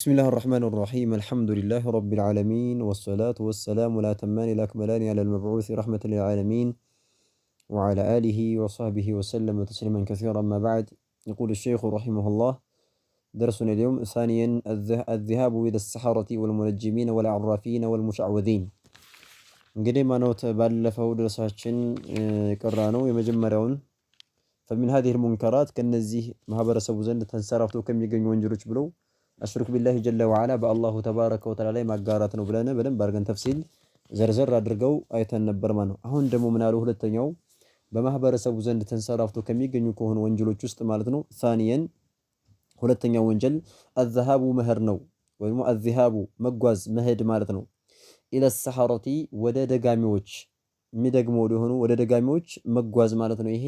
بسم الله الرحمن الرحيم الحمد لله رب العالمين والصلاة والسلام الأتمان الأكملان على المبعوث رحمة للعالمين وعلى آله وصحبه وسلم تسليما كثيرا ما بعد يقول الشيخ رحمه الله درسنا اليوم ثانيا الذهاب إلى السحرة والمنجمين والعرافين والمشعوذين قديما نوت ባለፈው ድረሳችን كرانو يمجمرون فمن هذه المنكرات ከነዚህ سبوزن تنسرفتو كم ከሚገኙ ወንጀሎች بلو አሽርክ ቢላሂ ጀለ ወዓላ በአላሁ ተባረከ ወተዓላ ላይ ማጋራት ነው ብለን በደንብ አድርገን ተፍሲል ዘርዘር አድርገው አይተን ነበር ማለት ነው። አሁን ደግሞ ምን ሁለተኛው በማህበረሰቡ ዘንድ ተንሰራፍቶ ከሚገኙ ከሆኑ ወንጀሎች ውስጥ ማለት ነው። ሳኒየን ሁለተኛው ወንጀል አዝሃቡ መህር ነው ወይም አዝሃቡ መጓዝ መሄድ ማለት ነው። ኢለ ሰሐረቲ ወደ ደጋሚዎች የሚደግመው ሊሆኑ ወደ ደጋሚዎች መጓዝ ማለት ነው ይሄ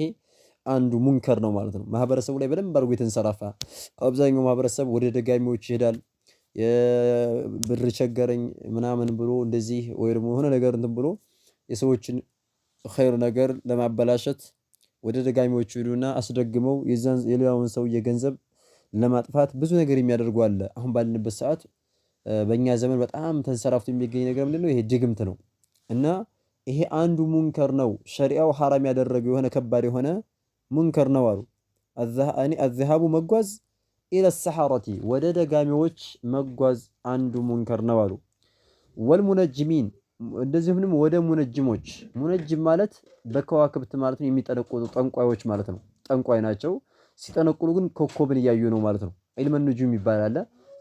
አንዱ ሙንከር ነው ማለት ነው። ማህበረሰቡ ላይ በደንብ አድርጎ የተንሰራፋ አብዛኛው ማህበረሰብ ወደ ደጋሚዎች ይሄዳል። ብር ቸገረኝ ምናምን ብሎ እንደዚህ ወይ ደግሞ የሆነ ነገር እንትን ብሎ የሰዎችን ኸይር ነገር ለማበላሸት ወደ ደጋሚዎቹ ሄዱና አስደግመው የሌላውን ሰው ገንዘብ ለማጥፋት ብዙ ነገር የሚያደርጉ አለ። አሁን ባልንበት ሰዓት በእኛ ዘመን በጣም ተንሰራፍቶ የሚገኝ ነገር ምንድነው? ይሄ ድግምት ነው እና ይሄ አንዱ ሙንከር ነው። ሸሪያው ሐራም ያደረገው የሆነ ከባድ የሆነ ሙንከር ነው አሉ። አዘሃቡ መጓዝ ኢለ ሰሐረቲ ወደ ደጋሚዎች መጓዝ አንዱ ሙንከር ነው አሉ። ወልሙነጅሚን እንደዚሁም ወደ ሙነጅሞች ሙነጅም ማለት በከዋክብት ማለት ነው የሚጠነቁሉ ጠንቋዮች ማለት ነው። ጠንቋይ ናቸው። ሲጠነቁሉ ግን ኮከብን እያዩ ነው ማለት ነው። ኢልመን ኑጁም ይባላል።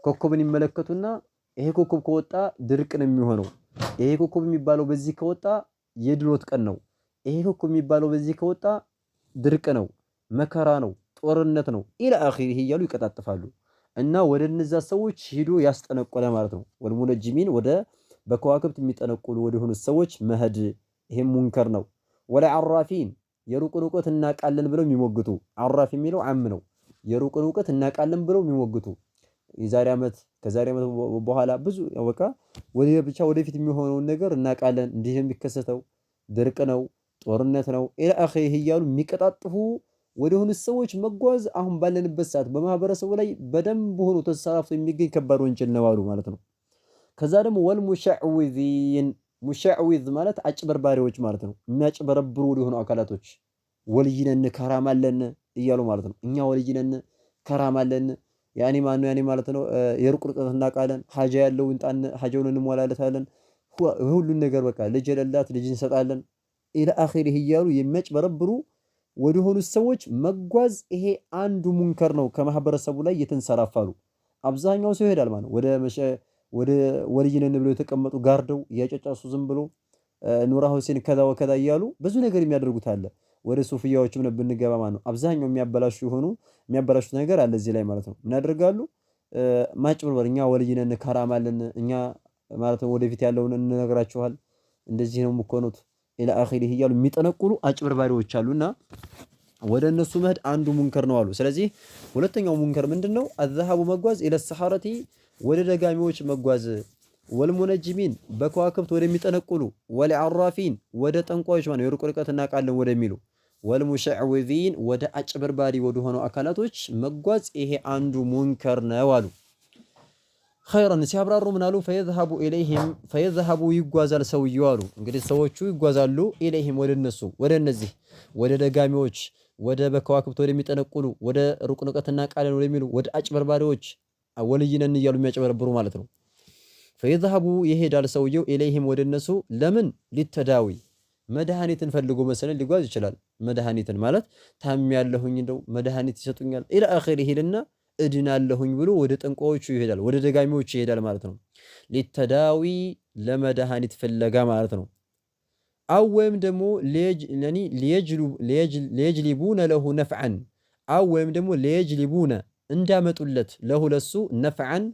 ኮከብን ይመለከቱና ይሄ ኮከብ ከወጣ ድርቅ ነው የሚሆነው፣ ይሄ ኮከብ የሚባለው በዚህ ከወጣ የድሎት ቀን ነው፣ ይሄ ኮከብ የሚባለው በዚህ ከወጣ ድርቅ ነው፣ መከራ ነው፣ ጦርነት ነው ኢለ አኺሪህ እያሉ ይቀጣጥፋሉ። እና ወደ እነዛ ሰዎች ሂዶ ያስጠነቆለ ማለት ነው። ወልሙነጅሚን ወደ በከዋክብት የሚጠነቁሉ ሆኑ ሰዎች መሄድ ይሄም ሙንከር ነው። ወለ አራፊን የሩቅን እውቀት እናቃለን ብለው የሚሞግቱ አራፊ የሚለው አም ነው። የሩቅን እውቀት እናቃለን ብለው የሚሞግቱ የዛሬ ዓመት ከዛሬ ዓመት በኋላ ብዙ በቃ ወደ ብቻ ወደፊት የሚሆነውን ነገር እናቃለን፣ እንዲህ የሚከሰተው ድርቅ ነው ጦርነት ነው ኢላ እያሉ የሚቀጣጥፉ ወደሆኑ ሰዎች መጓዝ አሁን ባለንበት ሰዓት በማህበረሰቡ ላይ በደንብ ሆኖ ተንሰራፍቶ የሚገኝ ከባድ ወንጀል ነው አሉ ማለት ነው። ከዛ ደግሞ ወል ሙሻዊዝ ማለት አጭበርባሪዎች ማለት ነው። የሚያጭበረብሩ ወደሆኑ አካላቶች ወልይነን ከራማለን እያሉ ማለት ነው። እኛ ወልይነን ከራማለን ያኔ ማነው ያኔ ማለት ነው። የሩቅ ርቀት ሀጃ ያለው ሀጃውን እንሞላለታለን። ሁሉን ነገር በቃ ልጅ ለላት ልጅ እንሰጣለን። ኢላ አኺሪህ እያሉ የሚያጭበረብሩ ወደሆኑ ሰዎች መጓዝ ይሄ አንዱ ሙንከር ነው። ከማህበረሰቡ ላይ እየተንሰራፋሉ አብዛኛው ሰው ይሄዳል ማለት ወደ ወደ ወልይ ብለው የተቀመጡ ጋርደው እያጨጫሱ ዝም ብሎ ኑራ ሁሴን ከዛ ወከዛ እያሉ ብዙ ነገር የሚያደርጉት አለ። ወደ ሱፍያዎችም ነው ብንገባ ማለት ነው። አብዛኛው የሚያበላሹ የሆኑ የሚያበላሹት ነገር አለ እዚህ ላይ ማለት ነው። ምን ያደርጋሉ? ማጭበርበር እኛ ወልይ ከራማለን እኛ ማለት ወደፊት ያለውን እንነግራችኋል እንደዚህ ነው የምኮኑት ኢላ አኺሪህ እያሉ የሚጠነቁሉ አጭበርባሪዎች አሉና ወደ እነሱ መሄድ አንዱ ሙንከር ነው አሉ። ስለዚህ ሁለተኛው ሙንከር ምንድን ነው? አዘሃቡ መጓዝ ኢለ ሰሐረቲ ወደ ደጋሚዎች መጓዝ፣ ወልሙነጅሚን በከዋክብት ወደሚጠነቁሉ፣ ወልዓራፊን ወደ ጠንቋዮች ማለት የሩቅ ርቀት እናውቃለን ወደሚሉ፣ ወልሙሸዕዊዚን ወደ አጭበርባሪ ወደሆነው አካላቶች መጓዝ፣ ይሄ አንዱ ሙንከር ነው አሉ። ኸይረን ሲያብራሩ ምናሉ ፈየዝሀቡ ይጓዛል ሰውየው አሉ። እንግዲህ ሰዎቹ ይጓዛሉ ኢለይሂም ወደ እነሱ ወደ እነዚህ ወደ ደጋሚዎች ወደ በከዋክብት ወደሚጠነቁሉ ወደ ሩቅ ንቀትና ቃልን ወደሚሉ ወደ አጭበርባሪዎች ወልይነን እያሉ የሚያጭበረብሩ ማለት ነው። ፈየዝሀቡ ይሄዳል ሰውየው ኢለይሂም ወደ እነሱ ለምን ሊተዳዊ መድኃኒትን ፈልጎ መሰለን ሊጓዝ ይችላል። መድኃኒትን ማለት ታሚ ያለሁኝ እንደው መድኃኒት ይሰጡኛል ኢላ አኺሪሂልና እድናለሁኝ ብሎ ወደ ጠንቋዮቹ ይሄዳል፣ ወደ ደጋሚዎቹ ይሄዳል ማለት ነው። ሊተዳዊ ለመድኃኒት ፍለጋ ማለት ነው። አው ወይም ደግሞ ሊየጅሊቡነ ለሁ ነፍዐን አው ወይም ደግሞ ሊየጅሊቡነ እንዳመጡለት ለሁ ለሱ ነፍዐን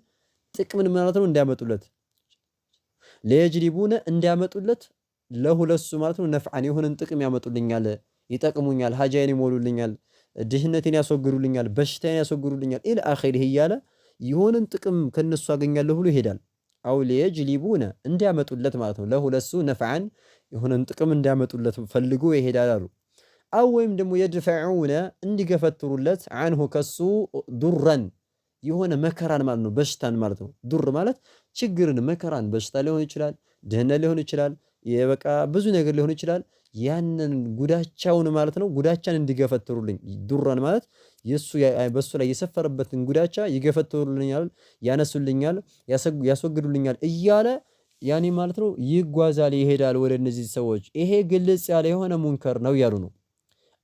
ጥቅምን ማለት ነው። እንዳመጡለት ሊየጅሊቡነ እንዳመጡለት ለሁ ለሱ ማለት ነው። ነፍዐን የሆነን ጥቅም ያመጡልኛል፣ ይጠቅሙኛል፣ ሀጃይን ይሞሉልኛል ድህነቴን ያስወግዱልኛል፣ በሽታዬን ያስወግዱልኛል ኢል አኺሪህ እያለ የሆነን ጥቅም ከነሱ አገኛለሁ ብሎ ይሄዳል። አው ሊየጅሊቡነ እንዲያመጡለት ማለት ነው። ለሁለሱ ነፍዓን የሆነን ጥቅም እንዲያመጡለት ፈልጎ ይሄዳል አሉ። አው ወይም ደግሞ የድፈዑነ እንዲገፈትሩለት አንሁ ከሱ ዱረን የሆነ መከራን ማለት ነው፣ በሽታን ማለት ነው። ዱር ማለት ችግርን፣ መከራን፣ በሽታ ሊሆን ይችላል፣ ድህነት ሊሆን ይችላል የበቃ ብዙ ነገር ሊሆን ይችላል። ያንን ጉዳቻውን ማለት ነው ጉዳቻን እንዲገፈትሩልኝ ዱራን ማለት የሱ በሱ ላይ የሰፈረበትን ጉዳቻ ይገፈትሩልኛል፣ ያነሱልኛል፣ ያስወግዱልኛል እያለ ያኔ ማለት ነው ይጓዛል፣ ይሄዳል ወደ እነዚህ ሰዎች። ይሄ ግልጽ ያለ የሆነ ሙንከር ነው ያሉ ነው።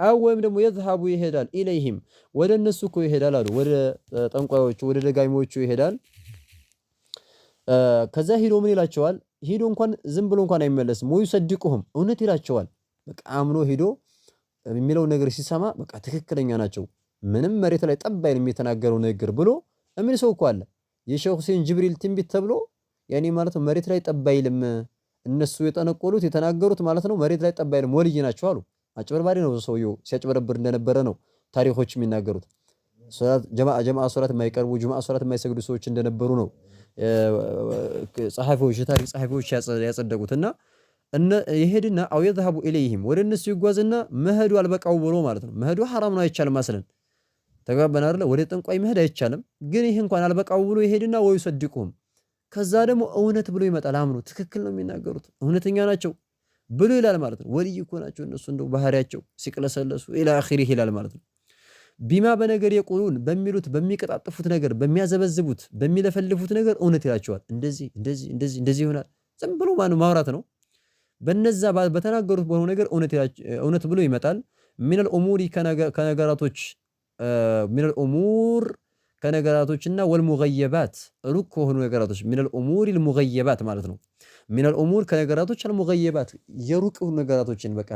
አው ወይም ደግሞ የዝሃቡ ይሄዳል፣ ኢለይህም ወደ እነሱ እኮ ይሄዳል አሉ፣ ወደ ጠንቋዮቹ፣ ወደ ደጋሚዎቹ ይሄዳል። ከዛ ሂዶ ምን ይላቸዋል? ሄዶ እንኳን ዝም ብሎ እንኳን አይመለስም። ወይ ሰድቁሁም እውነት ይላቸዋል። በቃ አምኖ ሄዶ የሚለው ነገር ሲሰማ በቃ ትክክለኛ ናቸው፣ ምንም መሬት ላይ ጠባይ የሚተናገረው ንግግር ብሎ እምን ሰው እኮ አለ። የሼህ ሁሴን ጅብሪል ትንቢት ተብሎ ያኔ ማለት መሬት ላይ ጠባይልም እነሱ የጠነቆሉት የተናገሩት ማለት ነው። መሬት ላይ ጠባይልም ወልይ ናቸው አሉ። አጭበርባሪ ነው ሰውየው፣ ሲያጭበረብር እንደነበረ ነው ታሪኮች የሚናገሩት። ጀማዓ ሶላት የማይቀርቡ ጁማዓ ሶላት የማይሰግዱ ሰዎች እንደነበሩ ነው ጸሐፊዎች የታሪክ ጸሐፊዎች ያጸደቁትና እና ይሄድና አው የዝሀቡ ኢለይህም ወደ እነሱ ይጓዝና መሄዱ አልበቃው ብሎ ማለት ነው። መሄዱ ሐራም ነው አይቻልም። አስለን ተግባባን አይደለ? ወደ ጠንቋይ መሄድ አይቻልም። ግን ይህ እንኳን አልበቃው ብሎ ይሄድና ወይ ሰድቁም ከዛ ደግሞ እውነት ብሎ ይመጣል። አምኖ ትክክል ነው የሚናገሩት እውነተኛ ናቸው ብሎ ይላል ማለት ነው። ወልይ እኮ ናቸው እነሱ እንደው ባህሪያቸው ሲቅለሰለሱ ኢላ አኺሪህ ይላል ማለት ነው። ቢማ በነገር የቁሉን በሚሉት በሚቀጣጥፉት ነገር በሚያዘበዝቡት በሚለፈልፉት ነገር እውነት ይላቸዋል። እንደዚህ እንደዚህ እንደዚህ እንደዚህ ይሆናል። ዝም ብሎ ማን ማውራት ነው። በነዛ በተናገሩት በሆነ ነገር እውነት ብሎ ይመጣል። ሚነል ኡሙሪ ከነገራቶች ሚነል ኡሙር ከነገራቶችና ወልሙገየባት ሩቅ ከሆኑ ነገራቶች ሚነል ኡሙር ልሙገየባት ማለት ነው። ሚነል ኡሙር ከነገራቶች አልሙገየባት የሩቅ ነገራቶችን በቃ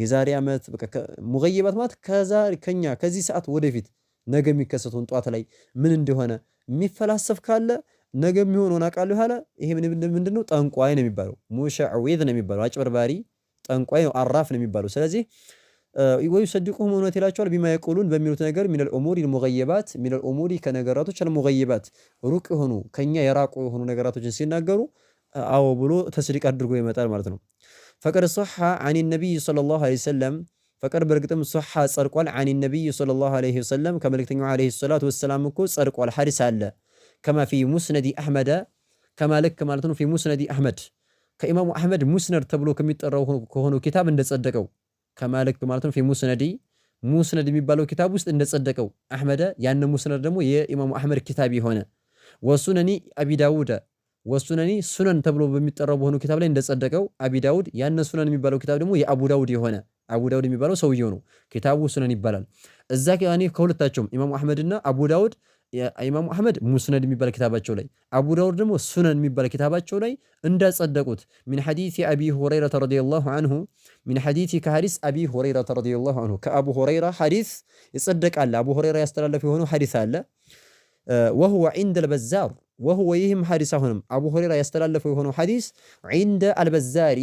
የዛሬ ዓመት ሙገየባት ማለት ከኛ ከዚህ ሰዓት ወደፊት ነገ የሚከሰተውን ጧት ላይ ምን እንደሆነ የሚፈላሰፍ ካለ ነገ የሚሆነውን አውቃለሁ ያለ ይሄ ምንድን ነው? ጠንቋይ ነው የሚባለው። ሙሸዕዊዝ ነው የሚባለው። አጭበርባሪ ጠንቋይ ነው፣ አራፍ ነው የሚባለው። ስለዚህ ወይ ሰድቁሁም እውነት ይላቸዋል። ቢማ የቁሉን በሚሉት ነገር ሚነል ኡሙሪ አልሙገይባት ሚነል ኡሙሪ ከነገራቶች አልሙገይባት ሩቅ የሆኑ ከኛ የራቁ የሆኑ ነገራቶችን ሲናገሩ አዎ ብሎ ተስዲቅ አድርጎ ይመጣል ማለት ነው። ፈቀድ ሶሐ አን ነቢይ ሰለላሁ ዐለይሂ ወሰለም ፈቀድ በእርግጥም ሶሐ ጸድቋል። አን ነቢይ ሰለላሁ ዐለይሂ ወሰለም ከመልእክተኛው ዐለይሂ ሰላቱ ወሰላም እኮ ጸድቋል። ሐዲስ አለ ከማ ፊ ሙስነዲ አሕመደ ከማ ልክ ማለት ነው ፊ ሙስነዲ አሕመድ ከኢማሙ አሕመድ ሙስነድ ተብሎ ከሚጠራው ከሆነው ኪታብ እንደጸደቀው ከማልክ ማለት ነው ሙስነድ የሚባለው ኪታብ ውስጥ እንደጸደቀው አህመደ ያን ሙስነድ ደግሞ የኢማሙ አህመድ ኪታብ የሆነ ወሱነኒ አቢ ዳውድ ወሱነኒ ሱነን ተብሎ በሚጠራው በሆኑ ኪታብ ላይ እንደጸደቀው አቢ ዳውድ ያን ሱነን የሚባለው ኪታብ ደግሞ የአቡ ዳውድ የሆነ አቡ ዳውድ የሚባለው ሰውየው ነው። ኪታቡ ሱነን ይባላል። እዛ ከሁለታቸውም ኢማሙ አህመድና አቡ ዳውድ ኢማሙ አህመድ ሙስነድ የሚባል ኪታባቸው ላይ አቡ ዳውድ ደግሞ ሱነን የሚባል ኪታባቸው ላይ እንዳጸደቁት ሚን ሐዲስ አቢ ሁረይረተ ረዲየላሁ አንሁ ሚን ሐዲስ ከሐዲስ አቢ ሁረይራ ረዲየላሁ አንሁ ከአቡ ሁረይራ ሐዲስ ይጸደቃል። አቡ ሁረይራ ያስተላለፈ የሆነው ሐዲስ አለ። ወሁወ ዒንደ አልበዛር ወሁወ ይህም ሐዲስ አሁንም አቡ ሁረይራ ያስተላለፈው የሆነው ሐዲስ ዒንደ አልበዛሪ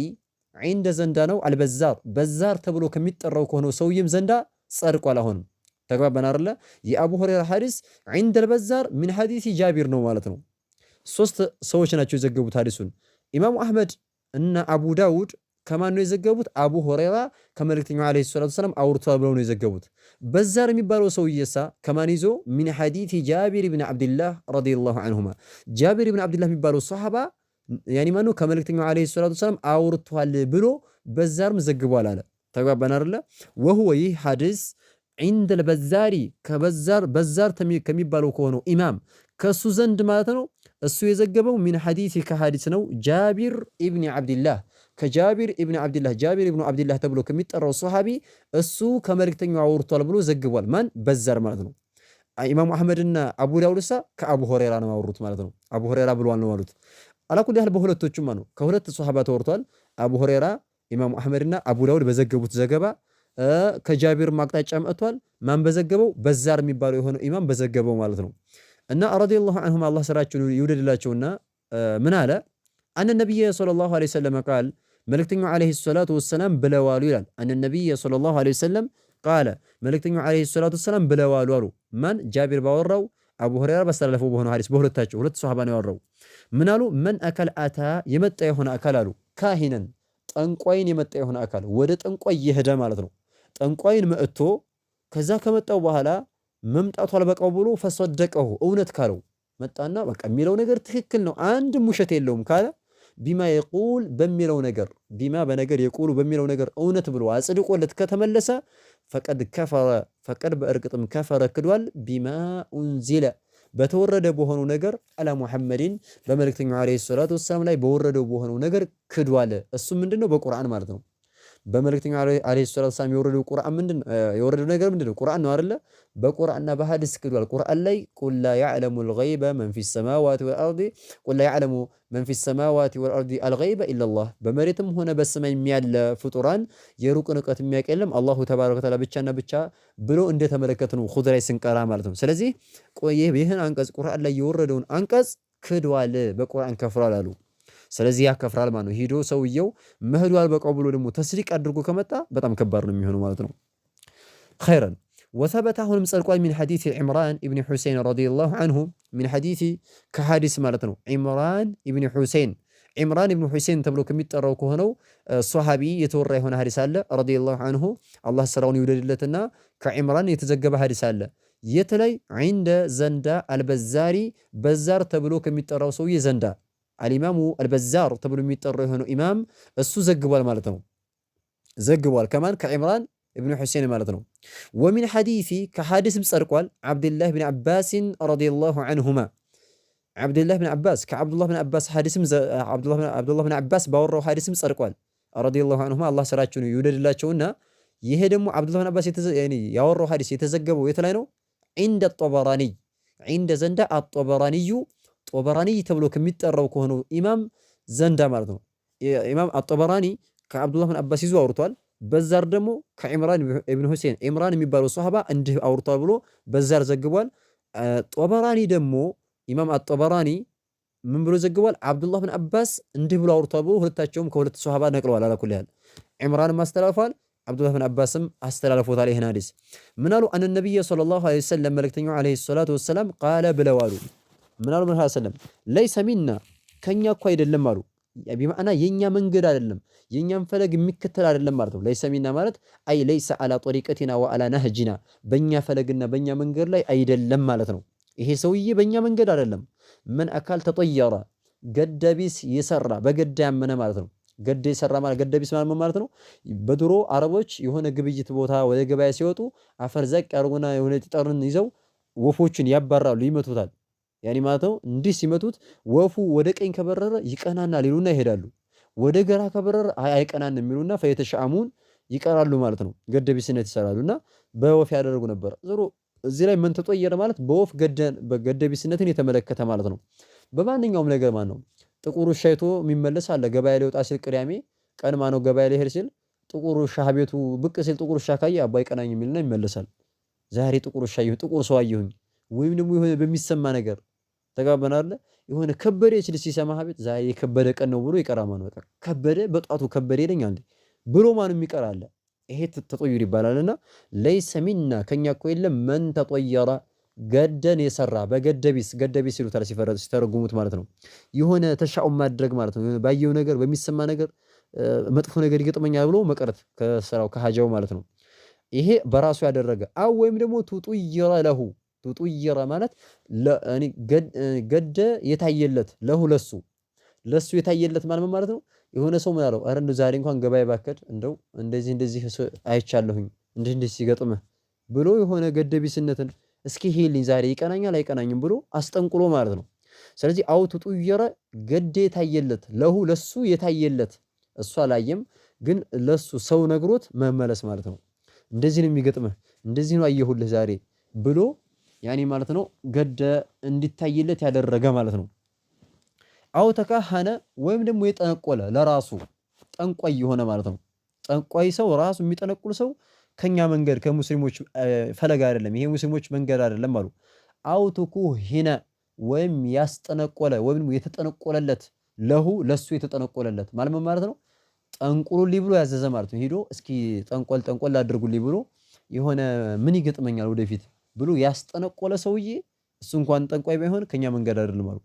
ዒንደ ዘንዳ ነው። አልበዛር በዛር ተብሎ ከሚጠራው ከሆነው ሰውዬም ዘንዳ ጸድቋል አሁንም ተግባባን አይደለ? የአቡ ሁረይራ ሐዲስ ዒንደል በዛር ሚን ሐዲሲ ጃቢር ነው ማለት ነው። ሶስት ሰዎች ናቸው የዘገቡት ሐዲሱን። ኢማሙ አህመድ እና አቡ ዳውድ ከማን ነው የዘገቡት? አቡ ሁረይራ ከመልእክተኛው ዓለይሂ ሰላቱ ወሰላም አውርቷል ብለው ነው የዘገቡት። በዛር የሚባለው ሰውየሳ ከማን ይዞ? ሚን ሐዲሲ ጃቢር ብን ዓብድላህ ረዲየላሁ ዐንሁማ። ጃቢር ብን ዓብድላህ የሚባለው ሰሐባ ያኒ ማኑ ከመልእክተኛው ዓለይሂ ሰላቱ ወሰላም አውርቷል ብሎ በዛርም ዘግቧል አለ። ተግባባን አይደለ? ወሁወ ይህ ሐዲስ ዒንደል በዛሪ በዛር ከሚባለው ከሆነው ኢማም ከእሱ ዘንድ ማለት ነው። እሱ የዘገበው ሚን ሐዲስ ከሐዲስ ነው። ጃቢር ኢብኒ ዓብድላህ ከጃቢር ኢብኒ ዓብድላህ ጃቢር ኢብኑ ዓብድላህ ተብሎ ከሚጠራው ሰሃቢ እሱ ከመልእክተኛው አውርቷል ብሎ ዘግቧል። ማን በዛር ማለት ነው። ኢማሙ አህመድና አቡ ዳውድሳ ከአቡ ሁሬራ ነው ያወሩት ማለት ነው። አቡ ሁሬራ ብለዋል ነው ያሉት። አላኩል ያህል በሁለቶቹም ነው ከሁለት ሰሃባ ተወርቷል። አቡ ሁሬራ ኢማሙ አህመድና አቡ ዳውድ በዘገቡት ዘገባ ከጃቢር ማቅጣጫ መጥቷል። ማን በዘገበው? በዛር የሚባለው የሆነው ኢማም በዘገበው ማለት ነው። እና ረዲየላሁ ዐንሁም አላህ ስራቸውን ይውደድላቸውና ምን አለ? አነ ነቢይ ሰለላሁ ዐለይሂ ወሰለም ቃል መልእክተኛው ዐለይሂ ሰላቱ ወሰላም ብለዋሉ ይላል። አነ ነቢይ ሰለላሁ ዐለይሂ ወሰለም ቃለ መልእክተኛው ዐለይሂ ሰላቱ ወሰላም ብለዋሉ አሉ። ማን? ጃቢር ባወራው አቡ ሁረይራ ባስተላለፈው በሆነ ሐዲስ በሁለታቸው ሁለት ሰሃባ ነው ያወራው። ምን አሉ? መን አካል አታ የመጣ የሆነ አካል አሉ። ካሂነን ጠንቋይን የመጣ የሆነ አካል ወደ ጠንቋይ የሄደ ማለት ነው ጠንቋይን መጥቶ ከዛ ከመጣው በኋላ መምጣቱ አልበቃው ብሎ ፈሰደቀሁ እውነት ካለው መጣና በቃ የሚለው ነገር ትክክል ነው፣ አንድም ውሸት የለውም ካለ ቢማ የቁል በሚለው ነገር ቢማ በነገር የቁሉ በሚለው ነገር እውነት ብሎ አጽድቆለት ከተመለሰ ፈቀድ ከፈረ ፈቀድ በእርግጥም ከፈረ ክዷል። ቢማ ኡንዚለ በተወረደ በሆነው ነገር አላ ሙሐመድን በመልእክተኛው ዓለይሂ ሰላቱ ወሰላም ላይ በወረደው በሆነው ነገር ክዷል። እሱ ምንድነው? በቁርአን ማለት ነው። በመልእክተኛው አለይሂ ሰላቱ ሰላም የወረደው ቁርአን ምንድን የወረደው ነገር ምንድነው? ቁርአን ነው አይደለ? በቁርአንና በሐዲስ ክሏል። ቁርአን ላይ ቁል ያዕለሙ አልገይበ መን ፊ ሰማዋቲ ወልአርዲ ቁል ያዕለሙ መን ፊ ሰማዋቲ ወልአርዲ አልገይበ ኢለላህ። በመሬትም ሆነ በሰማይ የሚያለ ፍጡራን የሩቅ እውቀት የሚያውቅ የለም አላሁ ተባረከ ወተዓላ ብቻና ብቻ ብሎ እንደተመለከት ነው ኹድ ላይ ስንቀራ ማለት ነው። ስለዚህ ይህን አንቀጽ ቁርአን ላይ የወረደውን አንቀጽ ክዷል፣ በቁርአን ከፍሯል አሉ። ስለዚህ ያከፍራል ማለት ነው። ሂዶ ሰውየው መሄዱ አልበቃው ብሎ ደግሞ ተስሪቅ አድርጎ ከመጣ በጣም ከባድ ነው የሚሆነው ማለት ነው። ኸይረን ወሰበተ አሁንም ጸድቋል። ሚን ሐዲስ ዒምራን ኢብን ሑሴይን ረዲየላሁ አንሁ ሚን ሐዲስ ከሐዲስ ማለት ነው ዒምራን ኢብን ሑሴይን ዒምራን ኢብን ሑሴይን ተብሎ ከሚጠራው ከሆነው ሶሃቢ የተወራ የሆነ ሐዲስ አለ ረዲየላሁ አንሁ አላህ ስራውን ይውደድለትና ከዒምራን የተዘገበ ሐዲስ አለ የት ላይ ዒንደ ዘንዳ አልበዛሪ በዛር ተብሎ ከሚጠራው ሰውዬ ዘንዳ አልኢማሙ አልበዛር ተብሎ የሚጠራው የሆነው ኢማም እሱ ዘግቧል ማለት ነው። ዘግቧል ከማን ከዕምራን እብን ሑሴን ማለት ነው። ወሚን ሐዲሲ ከሐዲስም ጸድቋል ዓብድላህ ብን ዓባስን ረዲየላሁ ዐንሁማ ዓብድላህ ብን ዓባስ ከዓብዱላህ ብን ዓባስ ሐዲስም ዓብዱላህ ብን ዓባስ ባወራው ሐዲስም ጸድቋል ረዲየላሁ ዐንሁማ አላህ ስራቸውን ይውደድላቸውና ይሄ ደግሞ ዓብዱላህ ብን ዓባስ ያወራው ሐዲስ የተዘገበው የት ላይ ነው? ዒንደ ጦበራንይ ዒንደ ዘንዳ አጦበራንዩ ጦበራኒ ተብሎ ከሚጠራው ከሆነው ኢማም ዘንዳ ማለት ነው። ኢማም አጦበራኒ ከአብዱላህ ብን አባስ ይዞ አውርቷል። በዛር ደግሞ ከኢምራን ኢብን ሁሴን ኢምራን የሚባለው ሰሃባ እንዲህ አውርቷል ብሎ በዛር ዘግቧል። ጦበራኒ ደግሞ ኢማም አጦበራኒ ምን ብሎ ዘግቧል? አብዱላህ ብን አባስ እንዲህ ብሎ አውርቷል ብሎ ሁለታቸውም ከሁለት ሰሃባ ነቅለዋል። አላኩል ያህል ኢምራንም አስተላልፏል፣ አብዱላህ ብን አባስም አስተላልፎታል። ይህን ሀዲስ ምናሉ አሉ? አነ ነቢይ ሰለላሁ ዐለይሂ ወሰለም መልእክተኛው ዐለይሂ ሰላቱ ወሰላም ቃለ ብለዋሉ ምን አሉ? መሐመድ ሰለም ለይሰ ሚና ከኛ እኮ አይደለም አሉ። ቢማዕና የኛ መንገድ አይደለም፣ የኛን ፈለግ የሚከተል አይደለም ማለት ነው። ለይሰ ሚና ማለት አይ ለይሰ አላ ጦሪቀቲና ወአላ ናህጂና በእኛ ፈለግና በእኛ መንገድ ላይ አይደለም ማለት ነው። ይሄ ሰውዬ በእኛ መንገድ አይደለም። ምን አካል ተጠየረ ገደቢስ የሰራ በገዳ ያመነ ማለት ነው። ገደ የሰራ ማለት ገደቢስ ማለት ነው። በድሮ አረቦች የሆነ ግብይት ቦታ ወደ ገበያ ሲወጡ አፈር ዘቅ ያርጉና የሆነ ጠርን ይዘው ወፎችን ያባራሉ፣ ይመቱታል ያኔ ማለት ነው እንዲህ ሲመቱት ወፉ ወደ ቀኝ ከበረረ ይቀናና ሊሉና ይሄዳሉ። ወደ ግራ ከበረረ አይቀናን የሚሉና ፈየተሻሙን ይቀራሉ ማለት ነው። ገደቢስነት ይሰራሉና በወፍ ያደርጉ ነበር። ዞሮ እዚህ ላይ ምን ተጠየረ ማለት በወፍ ገደ የተመለከተ ማለት ነው። በማንኛውም ነገር ማለት ነው። ጥቁር ውሻ አይቶ የሚመለስ አለ። ገበያ ሊወጣ ሲል ቅዳሜ ቀን ማነው ነው ገበያ ሊሄድ ሲል ጥቁር ውሻ ቤቱ ብቅ ሲል ጥቁር ውሻ ካየ አባይ ቀናኝ የሚልና ይመለሳል። ዛሬ ጥቁር ውሻ ጥቁር ሰው አየሁኝ ወይም ደግሞ የሆነ በሚሰማ ነገር ተጋበናል። የሆነ ከበደ ይችል ሲሰማ ቤት ዛሬ የከበደ ቀን ነው ብሎ ይቀራ ማን በቃ ከበደ በጣቱ ከበደ ይለኝ አንዴ ብሎ ማንም ይቀራል። ይሄ ተጠዩር ይባላልና ለይሰ ሚና ከኛ እኮ የለም መን ተጠየረ ገደን የሰራ በገደቢስ ገደቢስ ይሉታል ሲተረጉሙት ማለት ነው። የሆነ ተሻኡን ማድረግ ማለት ነው። ባየው ነገር በሚሰማ ነገር መጥፎ ነገር ይገጥመኛል ብሎ መቅረት ከስራው ከሀጃው ማለት ነው። ይሄ በራሱ ያደረገ አው ወይም ደግሞ ቱጥየረ ለሁ ጡጡየረ ማለት ገደ የታየለት ለሁለሱ ለሱ የታየለት ማለት ምን ማለት ነው? የሆነ ሰው ምን አለው፣ ኧረ እንደው ዛሬ እንኳን ገበያ ባከድ እንደው እንደዚህ እንደዚህ አይቻለሁኝ እንዲህ እንዲህ ሲገጥምህ ብሎ የሆነ ገደቢስነትን እስኪ ሄልኝ ዛሬ ይቀናኛል አይቀናኝም ብሎ አስጠንቁሎ ማለት ነው። ስለዚህ አው ጡጡየረ ገደ የታየለት ለሁ ለሱ የታየለት እሱ አላየም፣ ግን ለሱ ሰው ነግሮት መመለስ ማለት ነው። እንደዚህ ነው የሚገጥምህ፣ እንደዚህ ነው አየሁልህ ዛሬ ብሎ ያኔ ማለት ነው ገደ እንዲታይለት ያደረገ ማለት ነው። አው ተካህነ ወይም ደግሞ የጠነቆለ ለራሱ ጠንቋይ የሆነ ማለት ነው። ጠንቋይ ሰው ራሱ የሚጠነቁል ሰው ከኛ መንገድ ከሙስሊሞች ፈለግ አይደለም፣ ይሄ ሙስሊሞች መንገድ አይደለም አሉ። አው ትኩሂነ ወይም ያስጠነቆለ ወይም የተጠነቆለለት ለሁ ለሱ የተጠነቆለለት ማለት ምን ማለት ነው? ጠንቁሉልኝ ብሎ ያዘዘ ማለት ነው። ሄዶ እስኪ ጠንቆል ጠንቆል አድርጉልኝ ብሎ የሆነ ምን ይገጥመኛል ወደፊት ብሎ ያስጠነቆለ ሰውዬ እሱ እንኳን ጠንቋይ ባይሆን ከኛ መንገድ አይደለም አሉ።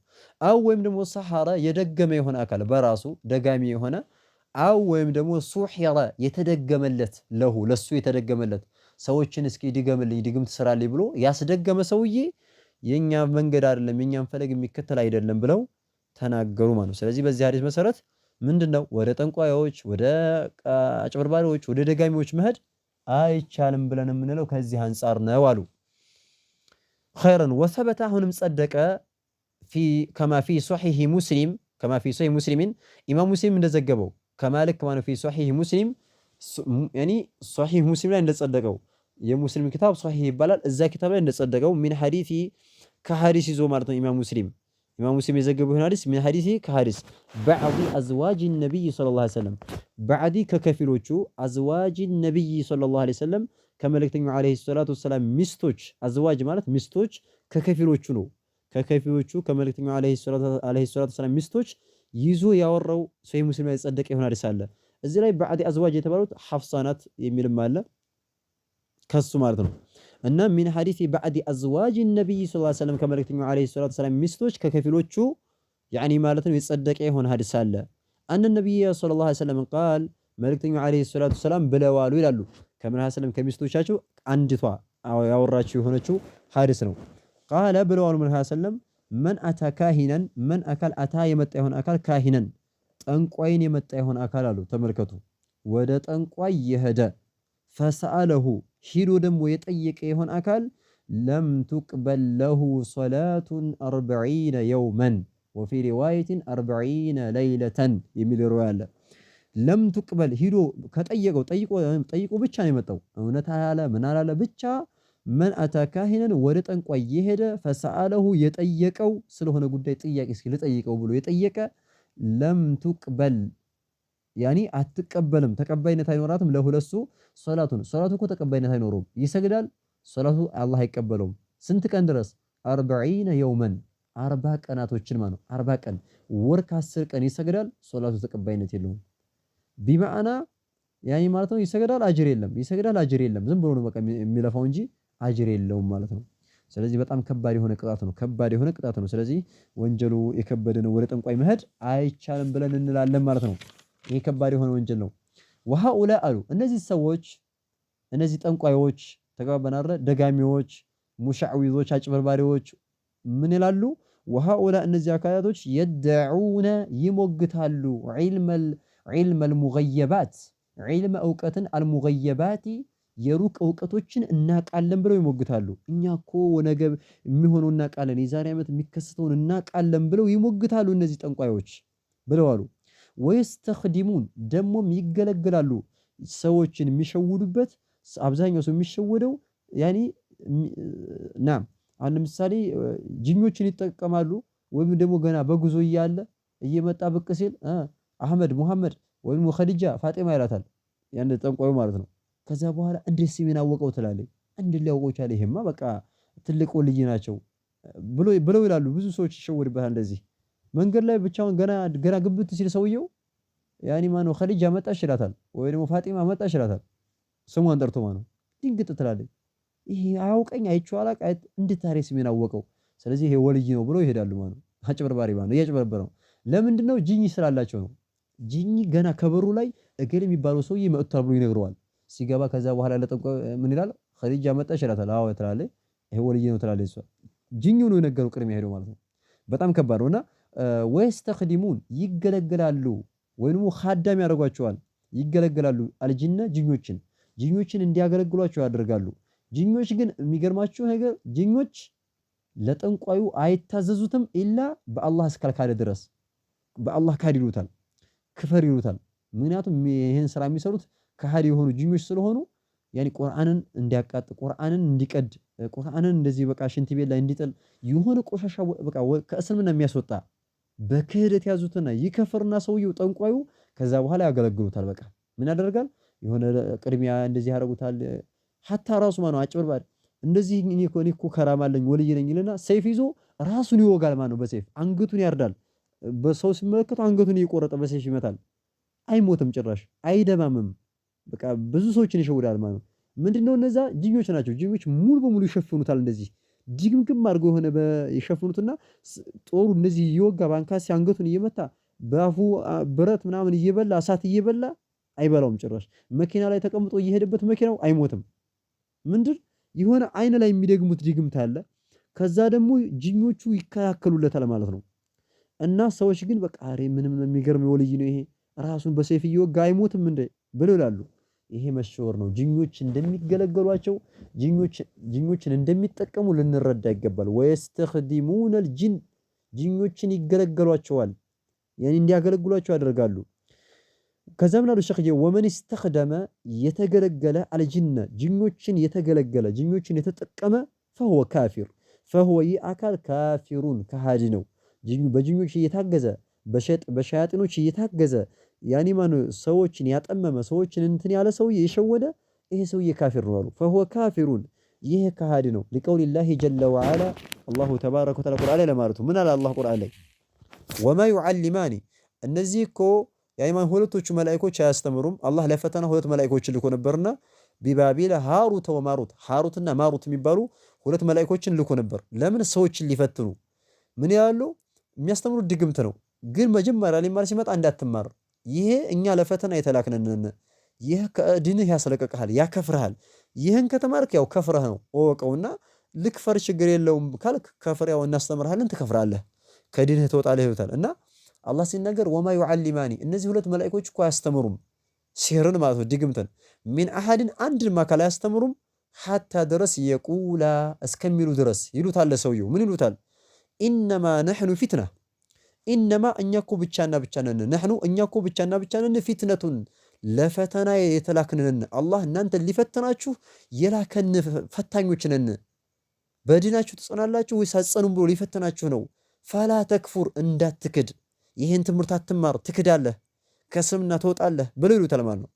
አው ወይም ደግሞ ሰሐራ የደገመ የሆነ አካል በራሱ ደጋሚ የሆነ አው ወይም ደግሞ ሱሒራ የተደገመለት ለሁ ለሱ የተደገመለት ሰዎችን እስኪ ድገምልኝ ድግምት ስራልኝ ብሎ ያስደገመ ሰውዬ የኛ መንገድ አይደለም የኛን ፈለግ የሚከተል አይደለም ብለው ተናገሩ ማለት ነው። ስለዚህ በዚህ ሐዲስ መሰረት ምንድነው ወደ ጠንቋዮች፣ ወደ አጭበርባሪዎች፣ ወደ ደጋሚዎች መሄድ አይቻልም ብለን የምንለው ከዚህ አንጻር ነው አሉ። ኸይረን ወሰበተ አሁንም ጸደቀ ከማ ፊ ሶሒሒ ሙስሊም ከማ ፊ ሶሒሕ ሙስሊሚን ኢማም ሙስሊም እንደዘገበው ከማልክ ከማ ፊ ሶሒሕ ሙስሊም ሶሒሕ ሙስሊም ላይ እንደጸደቀው የሙስሊም ክታብ ሶሒሕ ይባላል። እዛ ኪታብ ላይ እንደጸደቀው ሚን ሐዲሲ ከሐዲስ ይዞ ማለት ነው። ኢማም ሙስሊም ኢማም ሙስሊም የዘገበው ሐዲስ ሚን ሐዲሲ ከሐዲስ በዕዲ አዝዋጅ ነቢይ ሰለላሁ ዐለይሂ ወሰለም በዕዲ ከከፊሎቹ አዝዋጅ ነቢይ ሰለላሁ ዐለይሂ ወሰለም ከመልእክተኛው ዓለይሂ ሰላቱ ወሰላም ሚስቶች አዝዋጅ ማለት ሚስቶች ከከፊሎቹ ነው። ከከፊሎቹ ከመልእክተኛው ዓለይሂ ሰላቱ ወሰላም ሚስቶች ይዞ ያወራው ሰው ሙስሊም ላይ ጸደቀ ይሆን አዲስ አለ። እዚህ ላይ በአዲ አዝዋጅ የተባሉት ሐፍሳ ናት የሚልም አለ ከሱ ማለት ነው። እና ሚን ሐዲስ በአዲ አዝዋጅ ነብይ ሰለላሁ ዐለይሂ ወሰለም ከመልእክተኛው ዓለይሂ ሰላቱ ወሰላም ሚስቶች ከከፊሎቹ ያኒ ማለት ነው የጸደቀ የሆነ ሐዲስ አለ። አን ነብይ ሰለላሁ ዐለይሂ ወሰለም ቃል መልእክተኛው ዓለይሂ ሰላቱ ወሰላም ብለዋሉ ይላሉ ከምን ሐሰለም ከሚስቶቻቸው አንዲቷ ያወራችው የሆነችው ሐዲስ ነው። ቃለ ብለዋል ምን ሐሰለም መን አታ ካሂነን መን አካል አታ የመጣ የሆነ አካል ካሂነን ጠንቋይን የመጣ የሆነ አካል አሉ። ተመልከቱ ወደ ጠንቋይ የሄደ ፈሰአለሁ ሂዶ ደግሞ የጠየቀ የሆነ አካል ለም ቱቅበል ለሁ ሰላቱን አርበዒነ የውመን ወፊ ሪዋየትን አርበዒነ ለይለተን የሚል ሩዋያ አለ። ለም ቱቅበል ሂዶ ከጠየቀው ጠይቆ ብቻ ነው የመጣው። እውነት አላለ ምን አላለ ብቻ መን አታ ካሂነን ወደ ጠንቋይ የሄደ ፈሰአለሁ የጠየቀው ስለሆነ ጉዳይ ጥያቄ እስኪ ልጠይቀው ብሎ የጠየቀ ለም ቱቅበል ያኒ አትቀበልም፣ ተቀባይነት አይኖራትም። ለሁለሱ ሶላቱን ሶላቱ እኮ ተቀባይነት አይኖረውም። ይሰግዳል፣ ሶላቱ አላህ አይቀበለውም። ስንት ቀን ድረስ አርበዒነ የውመን አርባ ቀናቶችን ማለት አርባ ቀን ወር ከአስር ቀን ይሰግዳል፣ ሶላቱ ተቀባይነት የለውም። ቢማዕና ያኔ ማለት ነው ይሰገዳል፣ አጅር የለም፣ ይሰገዳል አጅር የለም። ዝም ብሎ ነው በቃ የሚለፋው እንጂ አጅር የለውም ማለት ነው። ስለዚህ በጣም ከባድ የሆነ ቅጣት ነው፣ ከባድ የሆነ ቅጣት ነው። ስለዚህ ወንጀሉ የከበደ ነው፣ ወደ ጠንቋይ መሄድ አይቻልም ብለን እንላለን ማለት ነው። ይሄ ከባድ የሆነ ወንጀል ነው። ወሃኡላ አሉ እነዚህ ሰዎች እነዚህ ጠንቋዮች ተግባባን ደጋሚዎች፣ ሙሻዊዞች፣ አጭበርባሪዎች ምን ይላሉ? ወሃኡላ እነዚህ አካላቶች የደዑነ ይሞግታሉ ዒልመል ዒልም አልሙገየባት ዒልም እውቀትን አልሙገየባቲ የሩቅ እውቀቶችን እናቃለን ብለው ይሞግታሉ። እኛ እኮ ነገ የሚሆነው እናቃለን፣ የዛሬ ዓመት የሚከሰተውን እናቃለን ብለው ይሞግታሉ እነዚህ ጠንቋዮች ብለው አሉ። ወየስተኽዲሙን ደግሞም ይገለግላሉ ሰዎችን የሚሸውዱበት አብዛኛው ሰው የሚሸወደው ያኔ ናም ለምሳሌ ጅኞችን ይጠቀማሉ። ወይም ደግሞ ገና በጉዞ እያለ እየመጣ ብቅ ሲል አህመድ ሙሐመድ ወይም ኸዲጃ ፋጢማ ይላታል። ያን ጠንቋዩ ማለት ነው። ከዛ በኋላ እንዴት ስሜን አወቀው ትላለች። እንዴት ሊያውቀው ቻለ? ይሄማ በቃ ትልቁ ልጅ ናቸው ብለው ይላሉ። ብዙ ሰዎች ይሸወድበታል። እንደዚህ መንገድ ላይ ብቻውን ገና ገና ግብት ሲል ሰውየው ያኒ ማነው ኸዲጃ መጣች ይላታል፣ ወይ ደግሞ ፋጢማ መጣች ይላታል። ስሟን ጠርቶ ማነው ድንግጥ ትላለች። ይሄ አያውቀኝ አይቼው አላውቅም እንዴት ታዲያ ስሜን አወቀው? ስለዚህ ይሄ ወልጅ ነው ብሎ ይሄዳሉ። ማነው አጭበርባሪ ማነው እያጭበረበረ ነው። ለምንድን ነው ጅኝ ስላላቸው ነው። ጂኒ ገና ከበሩ ላይ እገሌ የሚባለው ሰውዬ መጥቷል ብሎ ይነግረዋል። ሲገባ ከዛ በኋላ ለጠቆ ምን ይላል? ኸዲጃ መጣች ይላታል። አዎ ትላለች። ይሄ ወልዬ ነው ትላለች እሷ። ጂኒው ነው የነገረው ቅድሚያ ሄዶ ማለት ነው። በጣም ከባድ ነውና ወይስተኽዲሙን ይገለገላሉ፣ ወይንም ኻዳም ያደርጓቸዋል። ይገለገላሉ አልጅነ ጂኞችን ጂኞችን እንዲያገለግሏቸው ያደርጋሉ። ጂኞች ግን የሚገርማቸው ነገር ጂኞች ለጠንቋዩ አይታዘዙትም ኢላ በአላህ እስካልካደ ድረስ በአላህ ካድ ይሉታል። ክፈር ይሉታል። ምክንያቱም ይሄን ስራ የሚሰሩት ከሃዲ የሆኑ ጅኞች ስለሆኑ ያኔ ቁርአንን እንዲያቃጥ ቁርአንን እንዲቀድ ቁርአንን እንደዚህ በቃ ሽንት ቤት ላይ እንዲጥል የሆነ ቆሻሻ በቃ ከእስልምና የሚያስወጣ በክህደት ያዙትና ይከፍርና ሰውየው ጠንቋዩ ከዛ በኋላ ያገለግሉታል። በቃ ምን ያደርጋል? የሆነ ቅድሚያ እንደዚህ ያደርጉታል። ሀታ ራሱ ማነው አጭበርባሪ እንደዚህ እኔ እኮ ከራማለኝ ወልይ ነኝ ይልና ሰይፍ ይዞ ራሱን ይወጋል። ማነው በሰይፍ አንገቱን ያርዳል። በሰው ሲመለከቱ አንገቱን እየቆረጠ በሰይፍ ይመታል። አይሞትም፣ ጭራሽ አይደማምም። በቃ ብዙ ሰዎችን ይሸውዳል ማለት ነው። ምንድነው እነዛ ጅኞች ናቸው። ጅኞች ሙሉ በሙሉ ይሸፍኑታል። እንደዚህ ዲግምግም አድርገው የሆነ ይሸፍኑትና ጦሩ እንደዚህ እየወጋ ባንካሴ አንገቱን እየመታ በአፉ ብረት ምናምን እየበላ እሳት እየበላ አይበላውም። ጭራሽ መኪና ላይ ተቀምጦ እየሄደበት መኪናው አይሞትም። ምንድን የሆነ አይን ላይ የሚደግሙት ድግምት አለ። ከዛ ደግሞ ጅኞቹ ይከላከሉለታል ማለት ነው። እና ሰዎች ግን በቃ ኧረ ምንም የሚገርም የወልይ ነው ይሄ ራሱን በሰይፍ እየወጋ አይሞትም እንዴ ብለው ይላሉ። ይሄ መሸወር ነው። ጅኞች እንደሚገለገሏቸው ጂኞች እንደሚጠቀሙ ልንረዳ ይገባል። ወየስተኽዲሙነል ጂን ጅኞችን ይገለገሏቸዋል፣ ያኔ እንዲያገለግሏቸው ያደርጋሉ። ከዛ ምናሉ አሉ ወመን ስተኽደመ የተገለገለ አልጂነ ጅኞችን የተገለገለ ጅኞችን የተጠቀመ ፈሁወ ካፊር ፈሁወ ይህ አካል ካፊሩን ከሃዲ ነው። በጅኞች እየታገዘ በሸጥ በሸያጢኖች እየታገዘ ያኔ ማን ሰዎችን ያጠመመ ሰዎችን እንትን ያለ ሰውዬ የሸወደ ይሄ ሰውዬ ካፊር ነው አሉ። ፈሁወ ካፊሩን ይሄ ከሃዲ ነው። ሊቀውሊላሂ ጀለ ወዐላ አላሁ ተባረከ ወተዓላ ቁርአን ላይ ለማለቱ ምን አለ አላህ ቁርአን ላይ ወማ ዩዓሊማኒ እነዚህ እኮ ያይማን ሁለቶቹ መላእኮች አያስተምሩም። አላህ ለፈተና ሁለት መላእኮችን ልኮ ነበርና ቢባቢል ሃሩት ወማሩት ሃሩትና ማሩት የሚባሉ ሁለት መላእኮችን ልኮ ነበር። ለምን ሰዎችን ሊፈትኑ ምን ያሉ የሚያስተምሩት ድግምት ነው። ግን መጀመሪያ ላይ ማለት ሲመጣ እንዳትማር፣ ይሄ እኛ ለፈተና የተላክነን፣ ይህ ከድንህ ያስለቀቅሃል፣ ያከፍርሃል። ይህን ከተማርክ ያው ከፍረህ ነው እወቀውና ልክፈር ችግር የለውም ካልክ ከፍር ያው እናስተምርሃለን፣ ትከፍራለህ፣ ከድንህ ትወጣለህ ይሉታል። እና አላህ ሲናገር ወማ ዩዓሊማኒ እነዚህ ሁለት መላኢኮች እኮ አያስተምሩም፣ ሲህርን ማለት ነው ድግምትን። ሚን አሃድን አንድንም አካል አያስተምሩም፣ ሓታ ድረስ የቁላ እስከሚሉ ድረስ ይሉታል። ለሰውየው ምን ይሉታል? ኢነማ ነሕኑ ፊትና ኢነማ እኛኮ ብቻና ብቻ ነን። ነሕኑ እኛኮ ብቻና ብቻ ነን። ፊትነቱን ለፈተና የተላክንነን አላህ እናንተ ሊፈተናችሁ የላከን ፈታኞች ነን። በዲናችሁ ትጸናላችሁ ወይስ አትጸኑም ብሎ ሊፈተናችሁ ነው። ፈላ ተክፉር እንዳትክድ፣ ይህን ትምህርት አትማር፣ ትክዳለህ፣ ከእስልምና ትወጣለህ ብለው ይሉታል ማለት ነው።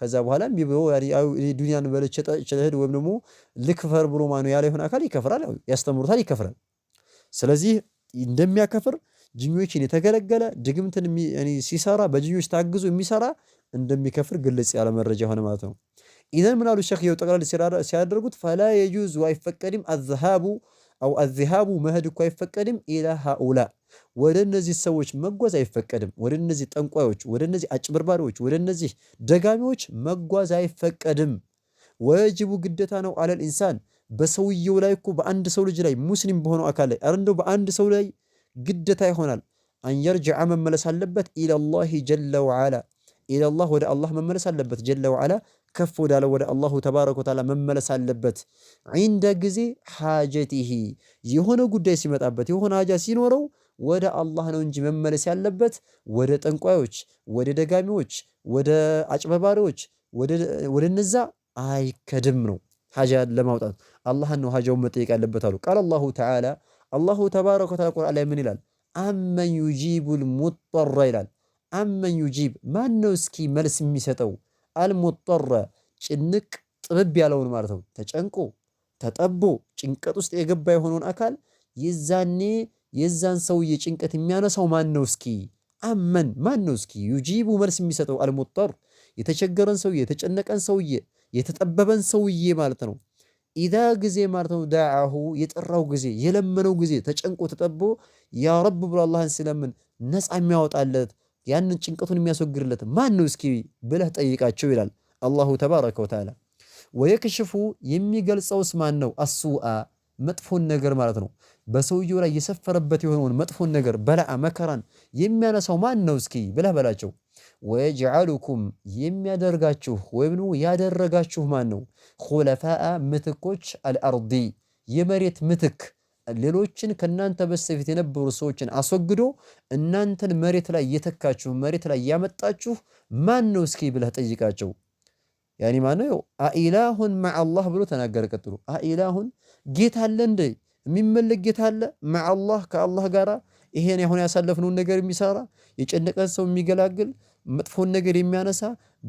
ከዛ በኋላ ዱንያን በልቼ ልሂድ ወይም ደግሞ ልክፈር ብሎ ማነው ያለ የሆነ አካል ይከፍራል፣ ያስተምሩታል፣ ይከፍራል። ስለዚህ እንደሚያከፍር ጅኞችን የተገለገለ ድግምትን ሲሰራ በጅኞች ታግዞ የሚሰራ እንደሚከፍር ግልጽ ያለ መረጃ የሆነ ማለት ነው። ኢዘን ምናሉ ሸክ የው ጠቅላል ሲያደርጉት ፈላ የጁዝ አይፈቀድም፣ አዝሃቡ አው አዝሃቡ መሄድ እኮ አይፈቀድም፣ ኢላ ሃኡላ ወደ እነዚህ ሰዎች መጓዝ አይፈቀድም። ወደ እነዚህ ጠንቋዮች፣ ወደ እነዚህ አጭበርባሪዎች፣ ወደ እነዚህ ደጋሚዎች መጓዝ አይፈቀድም። ወጅቡ ግደታ ነው አለል ኢንሳን በሰውየው ላይ እኮ በአንድ ሰው ልጅ ላይ ሙስሊም በሆነው አካል ላይ አረ እንደው በአንድ ሰው ላይ ግደታ ይሆናል። አንየርጅዐ መመለስ አለበት ኢለላሂ ጀለ ወዐላ ኢለላህ ወደ አላህ መመለስ አለበት። ጀለ ወዐላ ከፍ ወዳለ ወደ አላሁ ተባረከ ወተዓላ መመለስ አለበት። ዒንደ ጊዜ ሓጀቲሂ የሆነ ጉዳይ ሲመጣበት የሆነ ሀጃ ሲኖረው ወደ አላህ ነው እንጂ መመለስ ያለበት ወደ ጠንቋዮች፣ ወደ ደጋሚዎች፣ ወደ አጭበርባሪዎች፣ ወደ እነዛ አይከድም ነው። ሐጃ ለማውጣት አላህን ነው ሐጃውን መጠየቅ ያለበት አሉ። ቃል አላሁ ተዓላ አላሁ ተባረከ ወተዓላ ቁርአን ላይ ምን ይላል? አመን ዩጂቡል ሙጠራ ይላል። አመን ዩጂብ ማን ነው እስኪ መልስ የሚሰጠው? አልሙጠረ ጭንቅ ጥብብ ያለውን ማለት ነው። ተጨንቆ ተጠቦ ጭንቀት ውስጥ የገባ የሆነውን አካል የዛኔ የዛን ሰውዬ ጭንቀት የሚያነሳው ማን ነው እስኪ? አመን ማን ነው እስኪ? ዩጂቡ መልስ የሚሰጠው አልሙጠር የተቸገረን ሰውዬ የተጨነቀን ሰውዬ የተጠበበን ሰውዬ ማለት ነው። ኢዛ ጊዜ ማለት ነው። ዳዓሁ የጠራው ጊዜ የለመነው ጊዜ ተጨንቆ ተጠቦ ያ ረብ ብሎ አላህን ሲለምን ነፃ የሚያወጣለት ያንን ጭንቀቱን የሚያስወግድለት ማን ነው እስኪ ብለህ ጠይቃቸው ይላል አላሁ ተባረከ ወተዓላ። ወየክሽፉ የሚገልጸውስ ማን ነው? አሱአ መጥፎን ነገር ማለት ነው። በሰውየው ላይ የሰፈረበት የሆነውን መጥፎን ነገር በላአ መከራን የሚያነሳው ማን ነው እስኪ ብለህ በላቸው። ወየጅዓሉኩም የሚያደርጋችሁ ወይም ያደረጋችሁ ማን ነው? ኹለፋአ ምትኮች አልአርዲ የመሬት ምትክ ሌሎችን ከእናንተ በስተፊት የነበሩ ሰዎችን አስወግዶ እናንተን መሬት ላይ የተካችሁ መሬት ላይ ያመጣችሁ ማን ነው? እስኪ ብለህ ጠይቃቸው። ያኒ ማነው? አኢላሁን መዐላህ ብሎ ተናገረ። ቀጥሎ አኢላሁን ጌታ አለ እንደ የሚመለክ ጌታ አለ መዐላህ ከአላህ ጋራ ይሄን አሁን ያሳለፍነውን ነገር የሚሰራ የጨነቀን ሰው የሚገላግል መጥፎን ነገር የሚያነሳ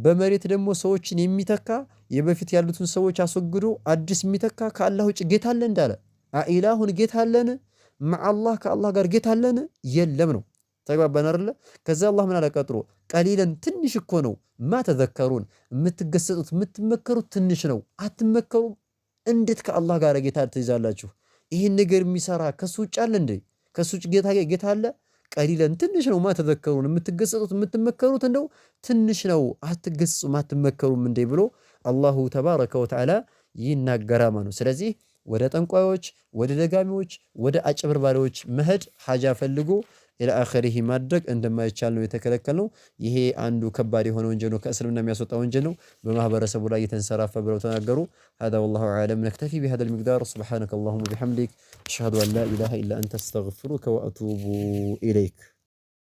በመሬት ደግሞ ሰዎችን የሚተካ የበፊት ያሉትን ሰዎች አስወግዶ አዲስ የሚተካ ከአላህ ውጭ ጌታ አለ እንዳለ አኢላሁን ጌታ አለን ማአላህ ከአላህ ጋር ጌታ አለን የለም ነው። ተግባባን አይደለ? ከዛ አላህ ምን አለ ቀሊለን ትንሽ እኮ ነው ማተዘከሩን የምትገሰጡት የምትመከሩት ትንሽ ነው። አትመከሩም? እንዴት ከአላህ ጋር ጌታ ትይዛላችሁ? ይህን ነገር የሚሰራ ከሱ ውጭ አለ እንዴ? ከሱ ውጭ ጌታ አለ? ቀሊለን ትንሽ ነው ማተዘከሩን የምትገሰጡት የምትመከሩት እንደው ትንሽ ነው አትገስጹም ማትመከሩም እንዴ ብሎ አላሁ ተባረከ ወተዓላ ይናገራ ነው። ስለዚህ ወደ ጠንቋዮች፣ ወደ ደጋሚዎች፣ ወደ አጭበርባሪዎች መሄድ ሀጃ ፈልጎ ኢለአኸሪህ ማድረግ እንደማይቻል ነው የተከለከልነው። ይሄ አንዱ ከባድ የሆነ ወንጀል ነው፣ ከእስልምና የሚያስወጣ ወንጀል ነው፣ በማህበረሰቡ ላይ የተንሰራፈ ብለው ተናገሩ። ሀዛ ወላሁ አዕለም። ነክተፊ ቢሀዛል ሚቅዳር። ሱብሓነከ አላሁመ ወቢሐምዲክ አሽሀዱ አን ላ ኢላሃ ኢላ አንተ አስተግፊሩከ ወአቱቡ ኢለይክ።